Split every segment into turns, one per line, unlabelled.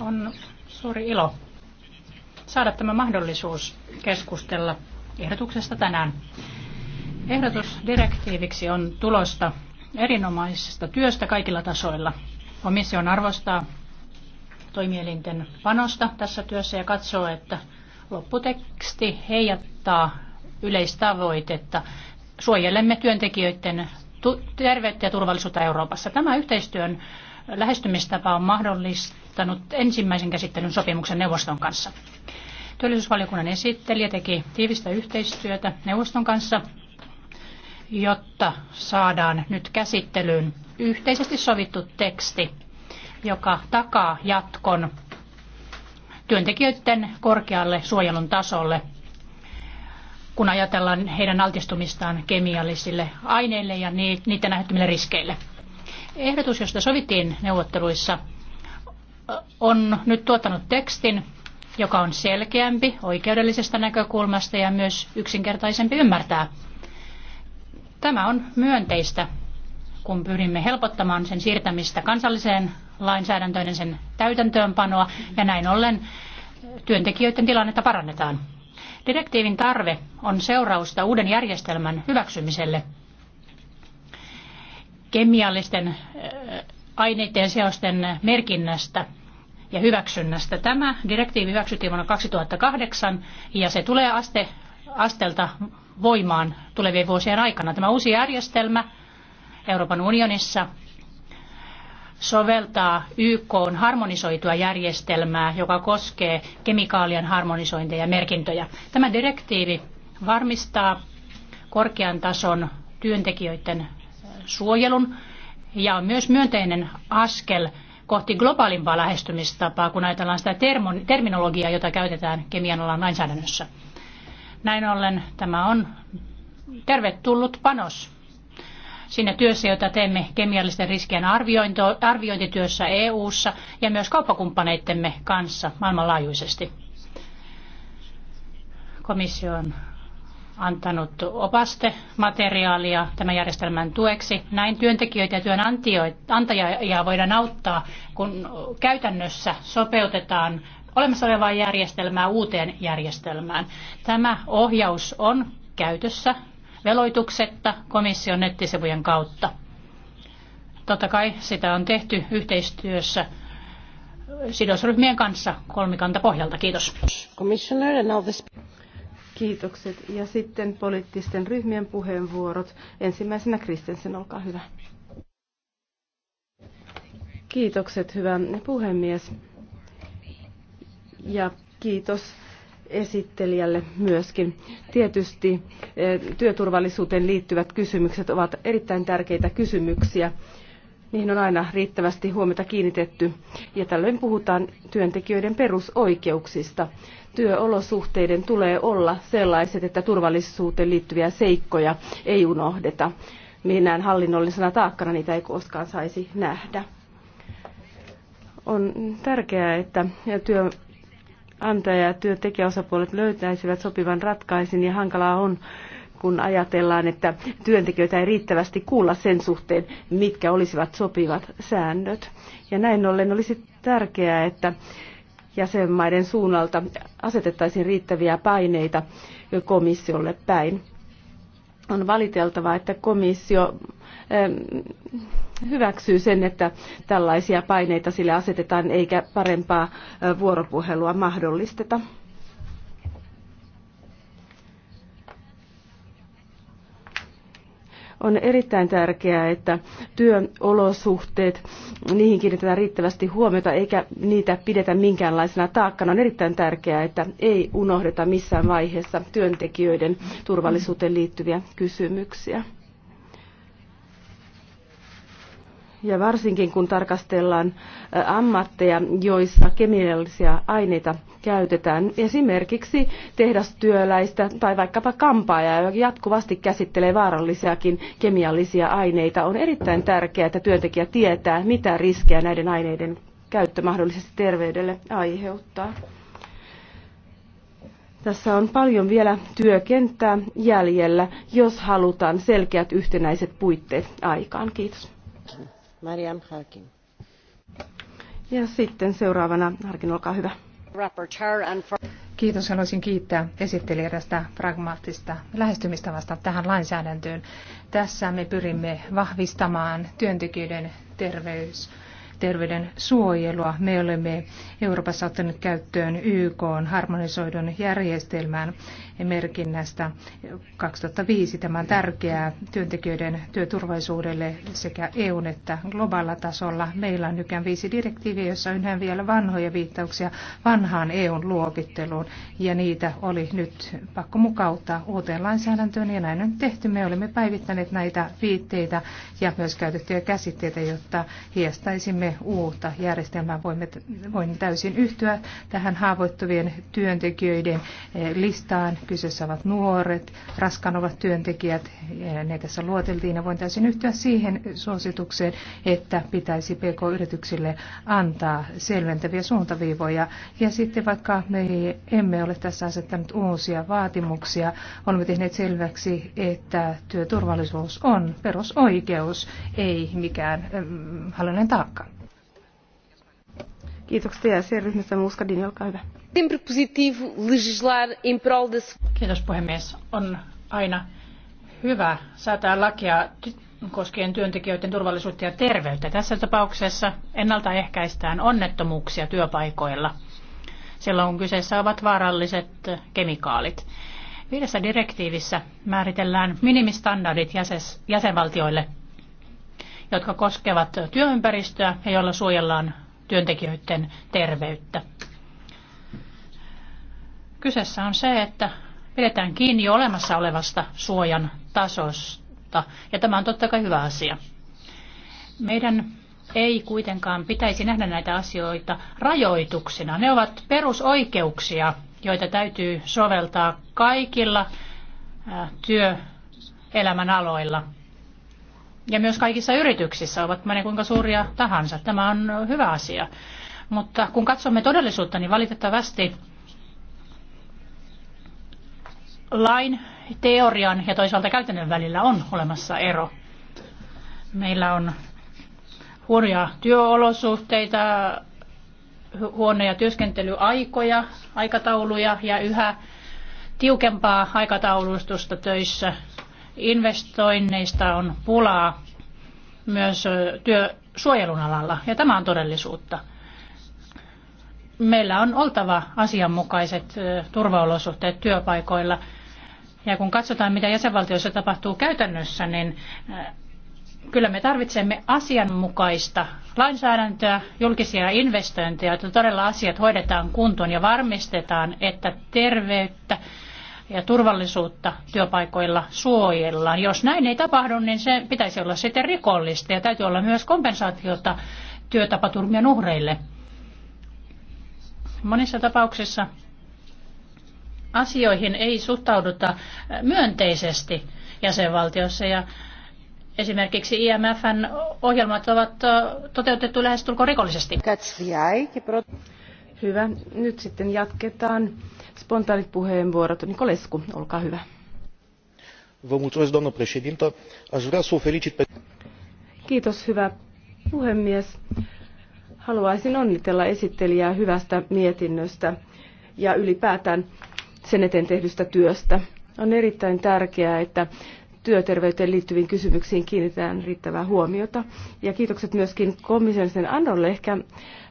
on suuri ilo saada tämä mahdollisuus keskustella ehdotuksesta tänään. Ehdotus direktiiviksi on tulosta erinomaisesta työstä kaikilla tasoilla. Komission arvostaa toimielinten panosta tässä työssä ja katsoo, että lopputeksti heijattaa yleistavoitetta. Suojelemme työntekijöiden terveyttä ja turvallisuutta Euroopassa. Tämä yhteistyön lähestymistapa on mahdollistanut ensimmäisen käsittelyn sopimuksen neuvoston kanssa. Työllisyysvaliokunnan esittelijä teki tiivistä yhteistyötä neuvoston kanssa, jotta saadaan nyt käsittelyyn yhteisesti sovittu teksti, joka takaa jatkon työntekijöiden korkealle suojelun tasolle, kun ajatellaan heidän altistumistaan kemiallisille aineille ja niiden aiheuttamille riskeille. Ehdotus, josta sovittiin neuvotteluissa, on nyt tuottanut tekstin, joka on selkeämpi oikeudellisesta näkökulmasta ja myös yksinkertaisempi ymmärtää. Tämä on myönteistä, kun pyrimme helpottamaan sen siirtämistä kansalliseen lainsäädäntöön ja sen täytäntöönpanoa, ja näin ollen työntekijöiden tilannetta parannetaan. Direktiivin tarve on seurausta uuden järjestelmän hyväksymiselle kemiallisten aineiden seosten merkinnästä ja hyväksynnästä. Tämä direktiivi hyväksyttiin vuonna 2008 ja se tulee aste, astelta voimaan tulevien vuosien aikana. Tämä uusi järjestelmä Euroopan unionissa soveltaa YK on harmonisoitua järjestelmää, joka koskee kemikaalien harmonisointia ja merkintöjä. Tämä direktiivi varmistaa korkean tason työntekijöiden suojelun ja on myös myönteinen askel kohti globaalimpaa lähestymistapaa, kun ajatellaan sitä termo- terminologiaa, jota käytetään kemian alan lainsäädännössä. Näin ollen tämä on tervetullut panos siinä työssä, jota teemme kemiallisten riskien arviointityössä EU-ssa ja myös kauppakumppaneittemme kanssa maailmanlaajuisesti. Komission antanut opastemateriaalia tämän järjestelmän tueksi. Näin työntekijöitä ja työnantajia voidaan auttaa, kun käytännössä sopeutetaan olemassa olevaa järjestelmää uuteen järjestelmään. Tämä ohjaus on käytössä veloituksetta komission nettisivujen kautta. Totta kai sitä on tehty yhteistyössä sidosryhmien kanssa kolmikanta pohjalta. Kiitos. Kiitokset. Ja sitten poliittisten ryhmien puheenvuorot.
Ensimmäisenä Kristensen, olkaa hyvä. Kiitokset, hyvä puhemies. Ja kiitos esittelijälle myöskin. Tietysti eh, työturvallisuuteen liittyvät kysymykset ovat erittäin tärkeitä kysymyksiä niihin on aina riittävästi huomiota kiinnitetty. Ja tällöin puhutaan työntekijöiden perusoikeuksista. Työolosuhteiden tulee olla sellaiset, että turvallisuuteen liittyviä seikkoja ei unohdeta. Minään hallinnollisena taakkana niitä ei koskaan saisi nähdä. On tärkeää, että työantaja ja työntekijäosapuolet löytäisivät sopivan ratkaisin ja hankalaa on kun ajatellaan, että työntekijöitä ei riittävästi kuulla sen suhteen, mitkä olisivat sopivat säännöt. Ja näin ollen olisi tärkeää, että jäsenmaiden suunnalta asetettaisiin riittäviä paineita komissiolle päin. On valiteltavaa, että komissio ähm, hyväksyy sen, että tällaisia paineita sille asetetaan eikä parempaa äh, vuoropuhelua mahdollisteta. On erittäin tärkeää, että työolosuhteet, niihin kiinnitetään riittävästi huomiota eikä niitä pidetä minkäänlaisena taakkana. On erittäin tärkeää, että ei unohdeta missään vaiheessa työntekijöiden turvallisuuteen liittyviä kysymyksiä. ja varsinkin kun tarkastellaan ammatteja, joissa kemiallisia aineita käytetään, esimerkiksi tehdastyöläistä tai vaikkapa kampaajaa, joka jatkuvasti käsittelee vaarallisiakin kemiallisia aineita, on erittäin tärkeää, että työntekijä tietää, mitä riskejä näiden aineiden käyttö mahdollisesti terveydelle aiheuttaa. Tässä on paljon vielä työkenttää jäljellä, jos halutaan selkeät yhtenäiset puitteet aikaan. Kiitos. Mariam Ja sitten seuraavana, Harkin, olkaa hyvä. Kiitos,
haluaisin kiittää esittelijä pragmaattista lähestymistavasta tähän lainsäädäntöön. Tässä me pyrimme vahvistamaan työntekijöiden terveys terveyden suojelua. Me olemme Euroopassa ottaneet käyttöön YK harmonisoidun järjestelmän merkinnästä 2005. Tämä on tärkeää työntekijöiden työturvallisuudelle sekä EUn että globaalilla tasolla. Meillä on nykyään viisi direktiiviä, joissa on yhä vielä vanhoja viittauksia vanhaan EUn luokitteluun ja niitä oli nyt pakko mukauttaa uuteen lainsäädäntöön ja näin on tehty. Me olemme päivittäneet näitä viitteitä ja myös käytettyjä käsitteitä, jotta hiestäisimme uutta järjestelmää. Voimme, voin täysin yhtyä tähän haavoittuvien työntekijöiden eh, listaan. Kyseessä ovat nuoret, raskaan ovat työntekijät, eh, ne tässä luoteltiin ja voin täysin yhtyä siihen suositukseen, että pitäisi PK-yrityksille antaa selventäviä suuntaviivoja. Ja sitten vaikka me emme ole tässä asettanut uusia vaatimuksia, olemme tehneet selväksi, että työturvallisuus on perusoikeus, ei mikään mm, hallinnollinen taakka.
Kiitoksia ja ryhmässä Muskadin, olkaa hyvä.
Kiitos puhemies. On aina hyvä säätää lakia koskien työntekijöiden turvallisuutta ja terveyttä. Tässä tapauksessa ennaltaehkäistään onnettomuuksia työpaikoilla. Silloin kyseessä ovat vaaralliset kemikaalit. Viidessä direktiivissä määritellään minimistandardit jäsenvaltioille, jotka koskevat työympäristöä ja joilla suojellaan työntekijöiden terveyttä. Kyseessä on se, että pidetään kiinni jo olemassa olevasta suojan tasosta, ja tämä on totta kai hyvä asia. Meidän ei kuitenkaan pitäisi nähdä näitä asioita rajoituksina. Ne ovat perusoikeuksia, joita täytyy soveltaa kaikilla työelämän aloilla – ja myös kaikissa yrityksissä, ovat ne kuinka suuria tahansa. Tämä on hyvä asia. Mutta kun katsomme todellisuutta, niin valitettavasti lain, teorian ja toisaalta käytännön välillä on olemassa ero. Meillä on huonoja työolosuhteita, huonoja työskentelyaikoja, aikatauluja ja yhä tiukempaa aikataulustusta töissä Investoinneista on pulaa myös työsuojelun alalla, ja tämä on todellisuutta. Meillä on oltava asianmukaiset turvaolosuhteet työpaikoilla. Ja kun katsotaan, mitä jäsenvaltioissa tapahtuu käytännössä, niin kyllä me tarvitsemme asianmukaista lainsäädäntöä, julkisia investointeja, että todella asiat hoidetaan kuntoon ja varmistetaan, että terveyttä, ja turvallisuutta työpaikoilla suojellaan. Jos näin ei tapahdu, niin se pitäisi olla sitten rikollista ja täytyy olla myös kompensaatiota työtapaturmien uhreille. Monissa tapauksissa asioihin ei suhtauduta myönteisesti jäsenvaltiossa ja esimerkiksi IMFn ohjelmat ovat toteutettu lähestulko rikollisesti. Hyvä. Nyt sitten jatketaan
spontaanit puheenvuorot. Nikolescu, olkaa hyvä.
Vă mulțumesc, doamnă președintă. Aș vrea să o felicit pe...
Kiitos, hyvä puhemies. Haluaisin onnitella esittelijää hyvästä mietinnöstä ja ylipäätään sen eteen tehdystä työstä. On erittäin tärkeää, että työterveyteen liittyviin kysymyksiin kiinnitetään riittävää huomiota. Ja kiitokset myöskin komissionisten Andolle. Ehkä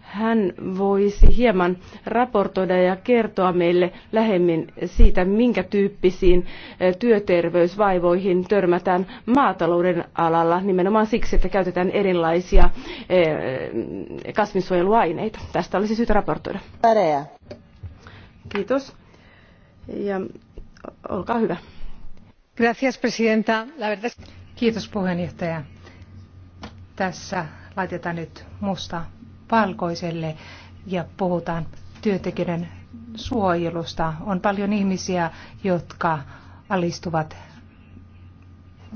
hän voisi hieman raportoida ja kertoa meille lähemmin siitä, minkä tyyppisiin e, työterveysvaivoihin törmätään maatalouden alalla, nimenomaan siksi, että käytetään erilaisia e, kasvinsuojeluaineita. Tästä olisi syytä raportoida. Päreä. Kiitos. Ja olkaa hyvä.
Kiitos puheenjohtaja. Tässä laitetaan nyt musta valkoiselle ja puhutaan työntekijöiden suojelusta. On paljon ihmisiä, jotka alistuvat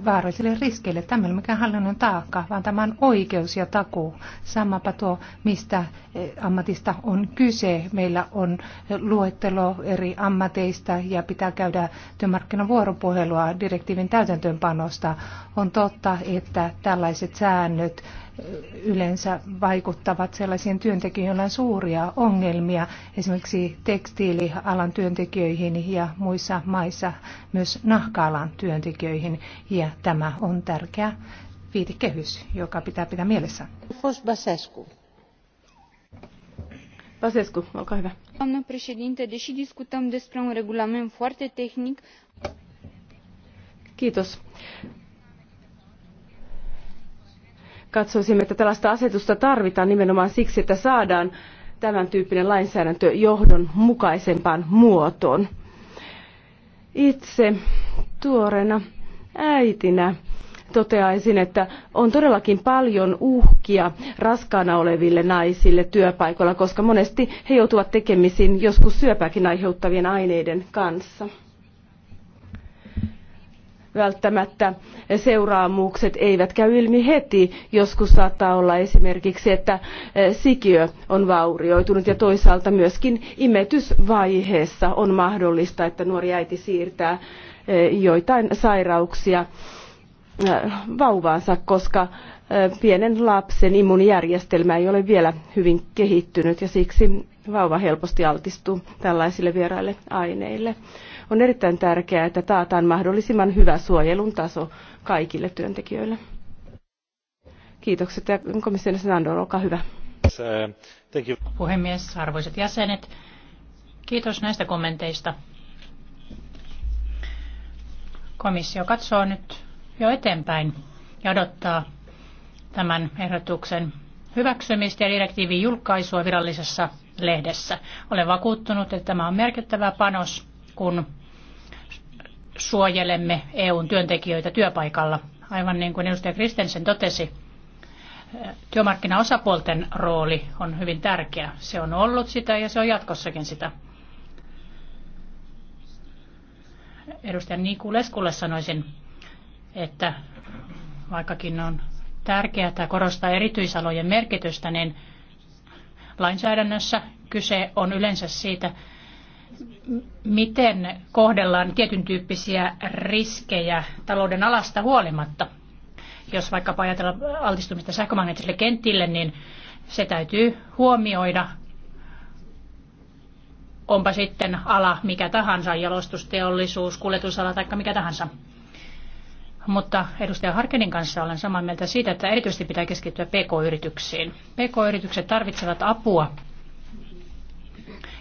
vaarallisille riskeille. Tämä ei ole mikään hallinnon taakka, vaan tämä on oikeus ja takuu. Samapa tuo, mistä eh, ammatista on kyse. Meillä on luettelo eri ammateista ja pitää käydä työmarkkinavuoropuhelua direktiivin täytäntöönpanosta. On totta, että tällaiset säännöt yleensä vaikuttavat sellaisiin työntekijöihin, on suuria ongelmia, esimerkiksi tekstiilialan työntekijöihin ja muissa maissa myös nahkaalan työntekijöihin. Ja tämä on tärkeä viitekehys, joka pitää pitää mielessä.
Basescu.
Basescu, olkaa hyvä.
Doamnă președinte, deși discutăm despre un regulament foarte tehnic,
Kiitos katsoisimme, että tällaista asetusta tarvitaan nimenomaan siksi, että saadaan tämän tyyppinen lainsäädäntö johdonmukaisempaan muotoon. Itse tuoreena äitinä toteaisin, että on todellakin paljon uhkia raskaana oleville naisille työpaikoilla, koska monesti he joutuvat tekemisiin joskus syöpäkin aiheuttavien aineiden kanssa välttämättä seuraamukset eivät käy ilmi heti. Joskus saattaa olla esimerkiksi, että eh, sikiö on vaurioitunut ja toisaalta myöskin imetysvaiheessa on mahdollista, että nuori äiti siirtää eh, joitain sairauksia eh, vauvaansa, koska pienen lapsen immuunijärjestelmä ei ole vielä hyvin kehittynyt ja siksi vauva helposti altistuu tällaisille vieraille aineille. On erittäin tärkeää, että taataan mahdollisimman hyvä suojelun taso kaikille työntekijöille. Kiitokset ja komission Sandor, olkaa hyvä.
Uh,
Puhemies, arvoisat jäsenet, kiitos näistä kommenteista. Komissio katsoo nyt jo eteenpäin ja odottaa tämän ehdotuksen hyväksymistä ja direktiivin julkaisua virallisessa lehdessä. Olen vakuuttunut, että tämä on merkittävä panos kun suojelemme EUn työntekijöitä työpaikalla. Aivan niin kuin edustaja Kristensen totesi, työmarkkinaosapuolten rooli on hyvin tärkeä. Se on ollut sitä ja se on jatkossakin sitä. Edustaja Niku Leskulle sanoisin, että vaikkakin on tärkeää korostaa erityisalojen merkitystä, niin lainsäädännössä kyse on yleensä siitä, miten kohdellaan tietyn tyyppisiä riskejä talouden alasta huolimatta. Jos vaikkapa ajatellaan altistumista sähkömagneettiselle kentille, niin se täytyy huomioida, onpa sitten ala mikä tahansa, jalostusteollisuus, kuljetusala tai mikä tahansa. Mutta edustaja Harkenin kanssa olen samaa mieltä siitä, että erityisesti pitää keskittyä pk-yrityksiin. Pk-yritykset tarvitsevat apua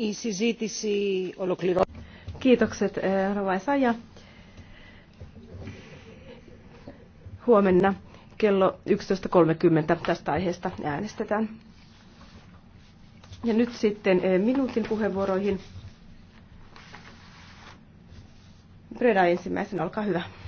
η συζήτηση ολοκληρώθηκε. Kiitokset Rovaisa ja huomenna kello 11.30 tästä aiheesta äänestetään. Ja nyt sitten eh, minuutin puheenvuoroihin. Breda ensimmäisenä, olkaa hyvä.